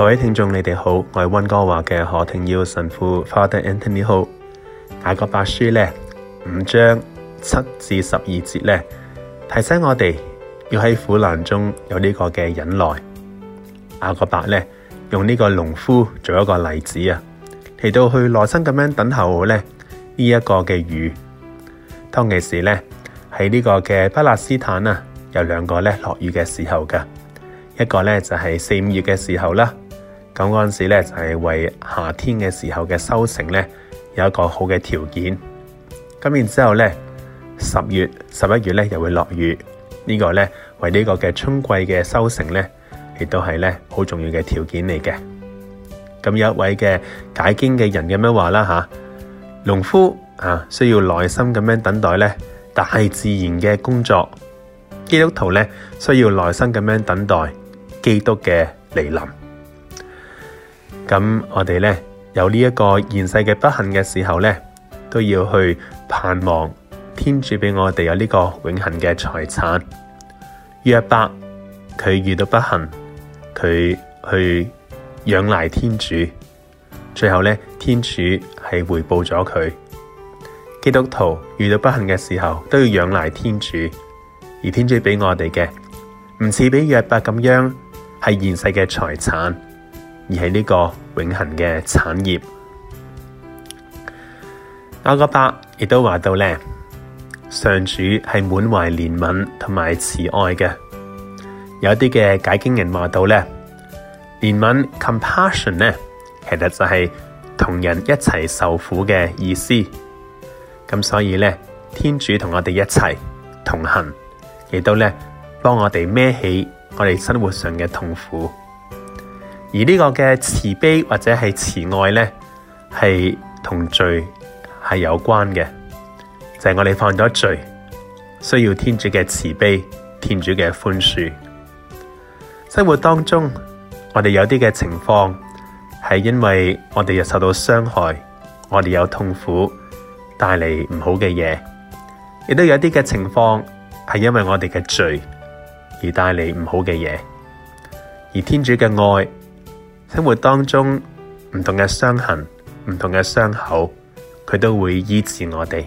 各位聽眾，你哋好，我係溫哥華嘅何廷耀神父 （Father Anthony） Ho。雅各伯書呢五章七至十二節呢，提醒我哋要喺苦難中有呢個嘅忍耐。雅各伯呢，用呢個農夫做一個例子啊，提到去耐心咁樣等候我呢呢一個嘅雨。當其時呢，喺呢個嘅巴勒斯坦啊，有兩個呢落雨嘅時候噶，一個呢，就係四五月嘅時候啦。咁嗰陣時咧，就係為夏天嘅時候嘅收成咧，有一個好嘅條件。咁然之後咧，十月、十一月咧又會落雨，呢個咧為呢個嘅春季嘅收成咧，亦都係咧好重要嘅條件嚟嘅。咁有一位嘅解經嘅人咁樣話啦吓，農夫啊需要耐心咁樣等待咧大自然嘅工作；基督徒咧需要耐心咁樣等待基督嘅嚟臨。咁我哋咧有呢一個現世嘅不幸嘅時候咧，都要去盼望天主畀我哋有呢個永恒嘅財產。約伯佢遇到不幸，佢去仰賴天主，最後咧天主係回報咗佢。基督徒遇到不幸嘅時候都要仰賴天主，而天主畀我哋嘅唔似俾約伯咁樣係現世嘅財產。而係呢個永恒嘅產業。雅各伯亦都話到咧，上主係滿懷憐憫同埋慈愛嘅。有啲嘅解經人話到咧，憐憫 （compassion） 咧，compassion, 其實就係同人一齊受苦嘅意思。咁所以咧，天主同我哋一齊同行，亦都咧幫我哋孭起我哋生活上嘅痛苦。而呢個嘅慈悲或者係慈愛咧，係同罪係有關嘅，就係我哋犯咗罪，需要天主嘅慈悲、天主嘅寬恕。生活當中，我哋有啲嘅情況係因為我哋又受到傷害，我哋有痛苦，帶嚟唔好嘅嘢；亦都有一啲嘅情況係因為我哋嘅罪而帶嚟唔好嘅嘢，而天主嘅愛。生活當中唔同嘅傷痕，唔同嘅傷口，佢都會醫治我哋，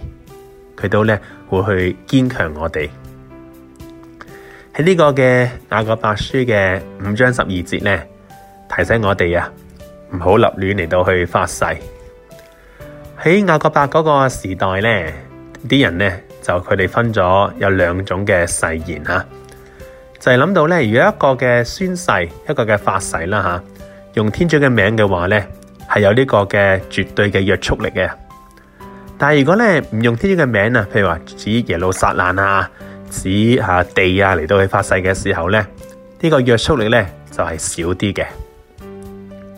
佢都咧會去堅強我哋。喺呢個嘅雅各伯書嘅五章十二節呢，提醒我哋呀，唔好立亂嚟到去發誓。喺雅各伯嗰個時代呢，啲人呢，就佢哋分咗有兩種嘅誓言，吓、啊、就係、是、諗到呢，如果一個嘅宣誓，一個嘅發誓啦，吓、啊。用天主嘅名嘅話呢，係有呢個嘅絕對嘅約束力嘅。但係如果呢唔用天主嘅名啊，譬如話指耶路撒冷啊、指吓地啊嚟到去發誓嘅時候呢呢、這個約束力呢就係、是、少啲嘅。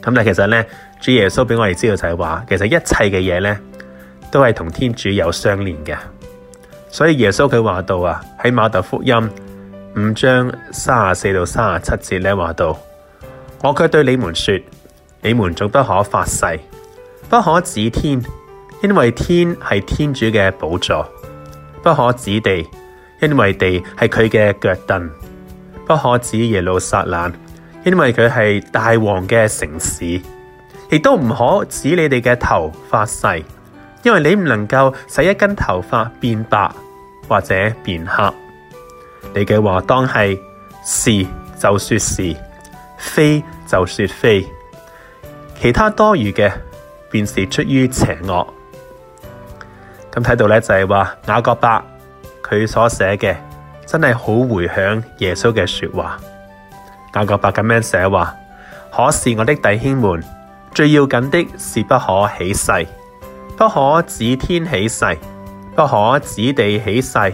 咁但係其實呢，主耶穌俾我哋知道就係話，其實一切嘅嘢呢都係同天主有相連嘅。所以耶穌佢話到啊，喺瑪竇福音五章三十四到三十七節呢話到。我卻對你們說：你們總不可發誓，不可指天，因為天係天主嘅寶座；不可指地，因為地係佢嘅腳凳；不可指耶路撒冷，因為佢係大王嘅城市；亦都唔可指你哋嘅頭發誓，因為你唔能夠使一根頭髮變白或者變黑。你嘅話當係是，是就說是，非就說非，其他多餘嘅便是出於邪惡。咁睇到咧，就係話雅各伯佢所寫嘅真係好回響耶穌嘅說話。雅各伯咁樣寫話，可是我的弟兄們，最要緊的是不可起誓，不可指天起誓，不可指地起誓，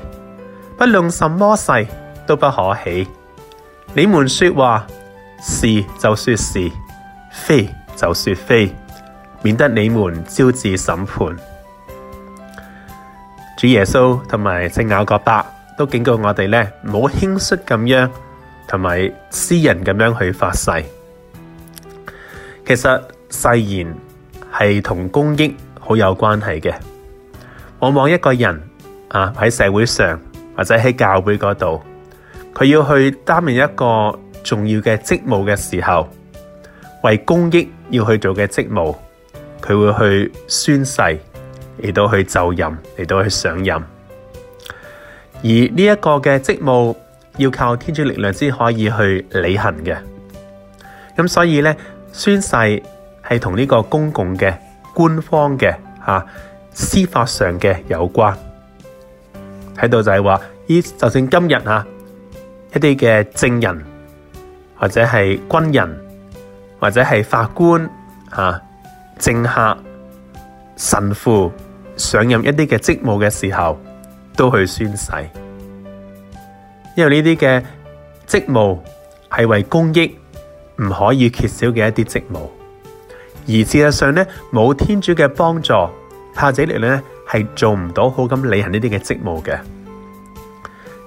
不論什麼誓都不可起。你們說話。是就說是，非就說非，免得你們招致審判。主耶穌同埋聖雅各伯都警告我哋呢，唔好輕率咁樣同埋私人咁樣去發誓。其實誓言係同公益好有關係嘅，往往一個人啊喺社會上或者喺教會嗰度，佢要去擔任一個。重要嘅職務嘅時候，為公益要去做嘅職務，佢會去宣誓，嚟到去就任，嚟到去上任。而呢一個嘅職務要靠天主力量先可以去履行嘅。咁所以咧，宣誓係同呢個公共嘅、官方嘅、吓、啊、司法上嘅有關。喺度就係話，就算今日吓、啊、一啲嘅證人。或者是軍人，或者是法官、啊、政客、神父上任一啲嘅職務嘅時候，都去宣誓，因為呢啲嘅職務是為公益，唔可以缺少嘅一啲職務。而事實上咧，冇天主嘅幫助，怕自己呢是做唔到好咁履行呢啲嘅職務嘅。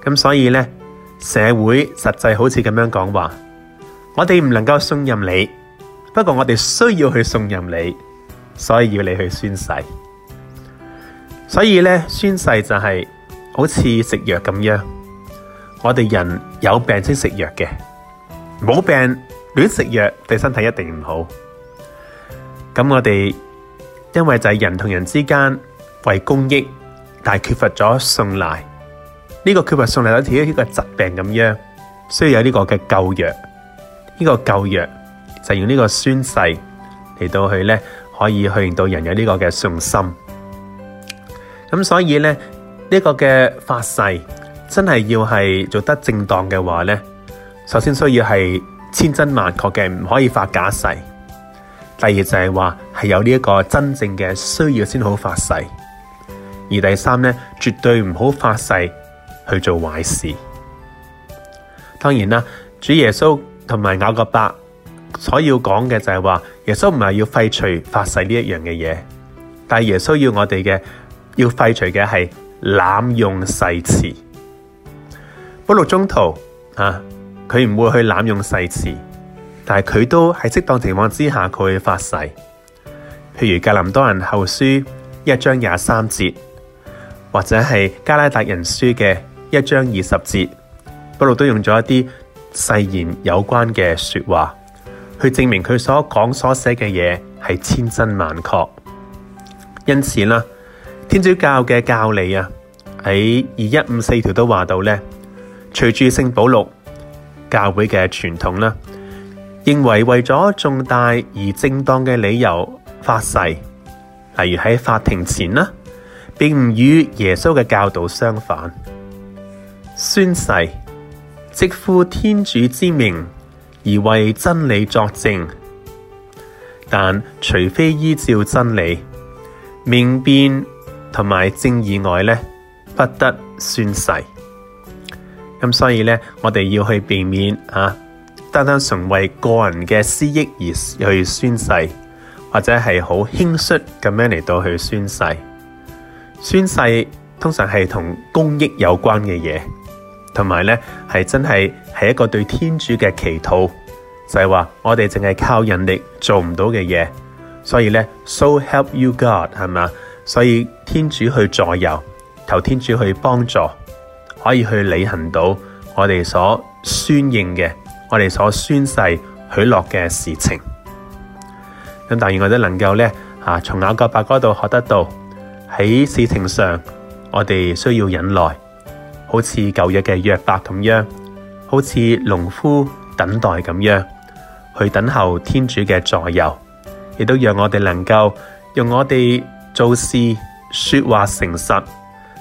咁所以呢，社會實際好似咁樣講話。我哋唔能夠信任你，不過我哋需要去信任你，所以要你去宣誓。所以呢，宣誓就係好似食藥咁樣，我哋人有病先食藥嘅，冇病亂食藥對身體一定唔好。咁我哋因為就係人同人之間為公益，但係缺乏咗信賴，呢個缺乏信賴好似一個疾病咁樣，需要有呢個嘅救藥。呢個舊約就用呢個宣誓嚟到去咧，可以去令到人有呢個嘅信心。咁所以咧，呢呢個嘅發誓真係要係做得正當嘅話咧，首先需要係千真萬確嘅，唔可以發假誓。第二就係話係有呢一個真正嘅需要先好發誓。而第三咧，絕對唔好發誓去做壞事。當然啦，主耶穌。同埋雅各伯所要講嘅就係話，耶穌唔係要廢除發誓呢一樣嘅嘢，但係耶穌要我哋嘅，要廢除嘅係濫用誓詞。保祿中途啊，佢唔會去濫用誓詞，但係佢都喺適當情況之下佢會發誓，譬如格林多人後書一章廿三節，或者係加拉達人書嘅一章二十節，保祿都用咗一啲，誓言有關嘅說話，去證明佢所講所寫嘅嘢係千真萬確。因此啦，天主教嘅教理啊，喺二一五四條都話到咧，隨住聖保祿教會嘅傳統啦，認為為咗重大而正當嘅理由發誓，例如喺法庭前啦，並唔與耶穌嘅教導相反，宣誓。即呼天主之名而為真理作證，但除非依照真理、明辨同埋正義外咧，不得宣誓。咁所以咧，我哋要去避免啊，單單純為個人嘅私益而去宣誓，或者係好輕率咁樣嚟到去宣誓。宣誓通常係同公益有關嘅嘢。同埋咧，係真係係一個對天主嘅祈禱，就係話我哋淨係靠人力做唔到嘅嘢，所以咧，so help you God 係嘛，所以天主去助佑，求天主去幫助，可以去履行到我哋所宣應嘅，我哋所宣誓許諾嘅事情。咁但願我哋能夠咧，吓從雅各伯嗰度學得到，喺事情上我哋需要忍耐。好似舊日嘅約伯咁樣，好似農夫等待咁樣去等候天主嘅助佑，亦都讓我哋能夠用我哋做事說話誠實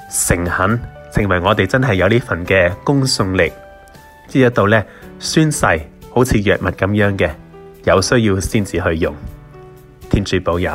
誠懇，成為我哋真係有呢份嘅公信力。知道呢一度咧宣誓，好似藥物咁樣嘅，有需要先至去用。天主保佑。